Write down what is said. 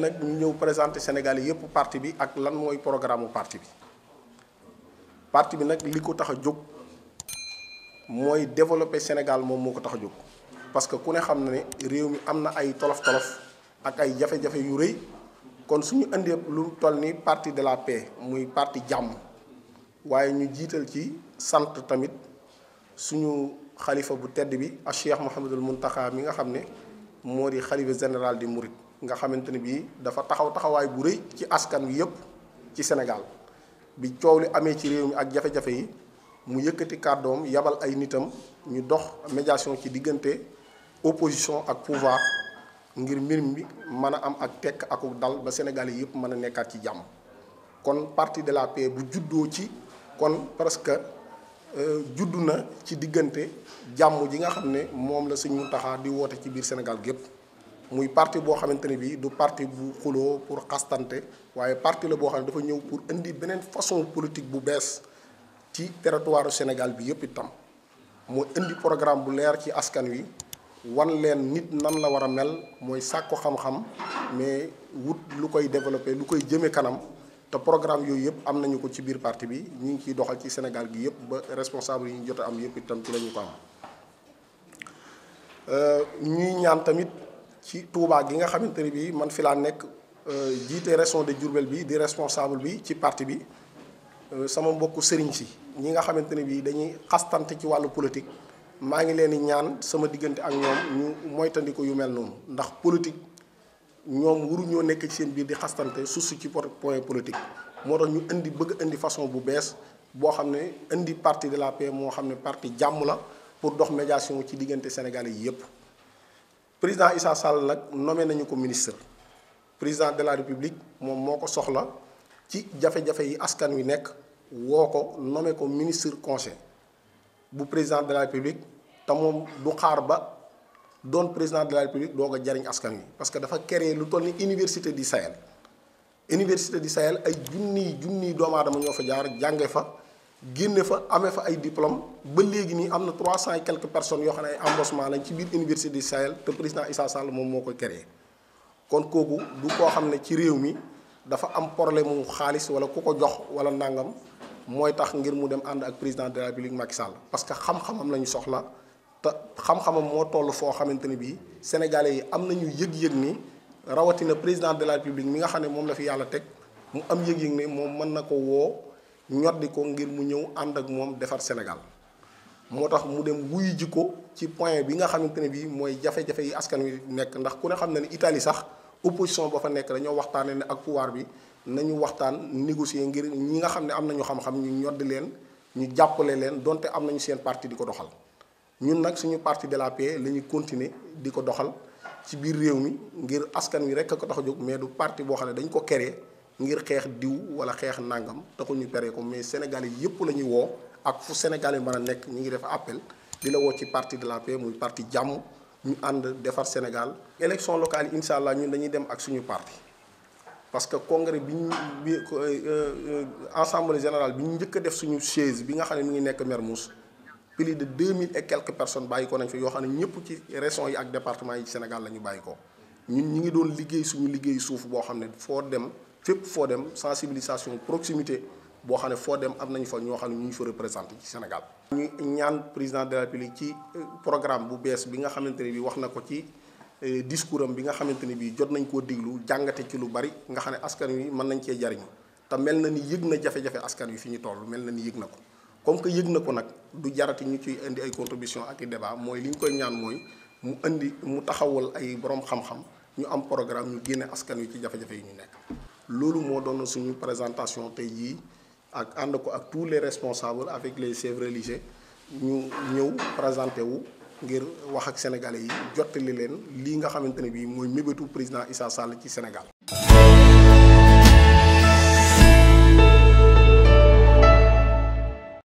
nag ñu ñëw présenter Sénégal yëpp parti bi ak lan mooy programme mu parti bi parti bi nag li ko tax a jóg mooy développer Sénégal moom moo ko tax a jóg parce que ku ne xam ne réew mi am na ay tolof-tolof ak ay jafe-jafe yu rëy kon suñu indee lu toll ni parti de la paix muy parti jàmm waaye ñu jiital ci sant tamit suñu xalifa bu tedd bi ak Cheikh Mouhamadul Mountakha mi nga xam ne moo di xalifa général di Mouride. nga xamante ne bii dafa taxaw taxawaay bu rëy ci askan wi yëpp ci Sénégal bi coow li amee ci réew mi ak jafe-jafe yi mu yëkkati kàddoom yabal ay nitam ñu dox médiation ci diggante opposition ak pouvoir ngir mbir mi mën a am ak tekk akuk dal ba Sénégalais yëpp mën a nekkaat ci jàmm kon parti de la paix bu juddoo ci kon presque euh, juddu na ci diggante jàmm ji nga xam ne moom la suñu Muntaxa di woote ci biir Sénégal gépp muy partie boo xamante ne bii du parti bu xuloo pour xastante waaye parti la boo xam ne dafa ñëw pour indi beneen façon politique bu bees ci territoire Sénégal bi yëpp itam mooy indi programme bu leer ci askan wi wan leen nit nan la war a mel mooy sàkku xam-xam mais wut lu koy développé lu koy jëme kanam te programme yooyu yëpp am nañu ko ci biir parti bi ñu ngi ciy doxal ci Sénégal gi yëpp ba responsable yi ñu jot am yëpp itam ci la ñu ko am euh, ñaan tamit. ci Touba gi nga xamante ne bii man fi laa nekk euh, jiite région de Diourbel bi di responsable bi ci parti bi euh, sama mbokku sëriñ si ñi nga xamante ne bii dañuy xastante ci wàllu politique maa ngi leen di ñaan sama diggante ak ñoom ñu moytandiku yu mel noonu ndax politique ñoom waruñoo nekk ci seen biir di xastante susu ci pot point politique moo tax ñu indi bëgg indi façon bu bees boo xam ne indi parti de la paix moo xam ne parti jàmm la pour dox médiation ci diggante Sénégalais yi yëpp. président Issa Sall nag nommé nañu ko ministre président de la république moom moo ko soxla ci jafe-jafe yi askan wi nekk woo ko nommé ko ministre conseil bu président de la république te moom du xaar ba doon président de la république doog a jariñ askan wi parce que dafa créer lu toll ni université du Sahel université du Sahel ay junniy junniy doomu aadama ñoo fa jaar jànge fa génne fa amee fa ay diplôme ba léegi nii am na trois cent et personnes yoo xam ne ay embauchement lañ ci biir université du Sahel te président Issa Sall moom moo ko créé kon kooku du koo xam ne ci réew mi dafa am problème mu xaalis wala ku ko jox wala nangam mooy tax ngir mu dem ànd ak président de la République Macky Sall parce que xam-xamam la soxla te xam-xamam moo toll foo xamante ni bii sénégalais yi am nañu yëg-yëg ni rawatina président de la République mi nga xam ne moom la yàlla teg mu am yëg-yëg moom mën na ko woo. ñoddi ko ngir mu ñëw ànd ak moom defar Sénégal moo tax mu dem wuy ji ko ci point bi nga xamante ne bii mooy jafe yi askan wi nekk ndax ku ne xam na ne Italie sax opposition ba fa nekk dañoo waxtaanee ne ak pouvoir bi nañu waxtaan négocier ngir ñi nga xam ne am nañu xam-xam ñu ñoddi leen ñu jàppale leen donte am nañu seen partie di ko doxal ñun nag suñu parti de la paix la ñuy continuer di ko doxal ci biir réew mi ngir askan wi rek a ko tax a jóg mais du parti boo xam ne dañ ko créer ngir xeex diw wala xeex nangam taxul ñu péré ko mais Sénégal yi yëpp la ñuy woo ak fu Sénégal yi mën a nekk ñu ngi def appel di la woo ci parti de la paix muy parti jàmm ñu ànd defar Sénégal. élection locale yi incha allah ñun dañuy dem ak suñu parti parce que congrès bi ñu bi euh, euh, assemblée générale bi ñu njëkk def suñu chaise bi nga xam ne mi ngi nekk Mermoz plus de deux mille et quelques personnes bàyyi ko nañ fi yoo xam ne ñëpp ci régions yi ak département yi Sénégal la ñu bàyyi ko ñun ñu ngi doon liggéey suñu liggéey suuf boo xam ne foo dem. fépp foo dem sensibilisation proximité boo xam ne foo dem am nañu fa ñoo xam ne ñu ngi fa représenté ci Sénégal. ñu ñaan président de la République ci euh, programme bu bees bi nga xamante ne bi wax na ko ci euh, discours am bi nga xamante ne bi jot nañ koo diglu jàngate ci lu bari nga xam ne askan wi mën nañ cee jariñu te mel na ni yëg na jafe-jafe askan wi fi ñu toll mel na ni yëg na ko comme que yëg na ko nag du jarati ñu ciy indi ay contribution ak i débat mooy li ñu koy ñaan mooy mu indi mu taxawal ay borom xam ñu am programme ñu génne askan wi ci jafe yi ñu nekk. loolu moo doon suñu présentation tey jii ak ànd ko ak tous les responsables avec les chefs religieux ñu ñëw présenté wu ngir wax ak sénégalais yi jottali leen lii nga xamante ne bii mooy mébétu président Issa Sall ci Sénégal.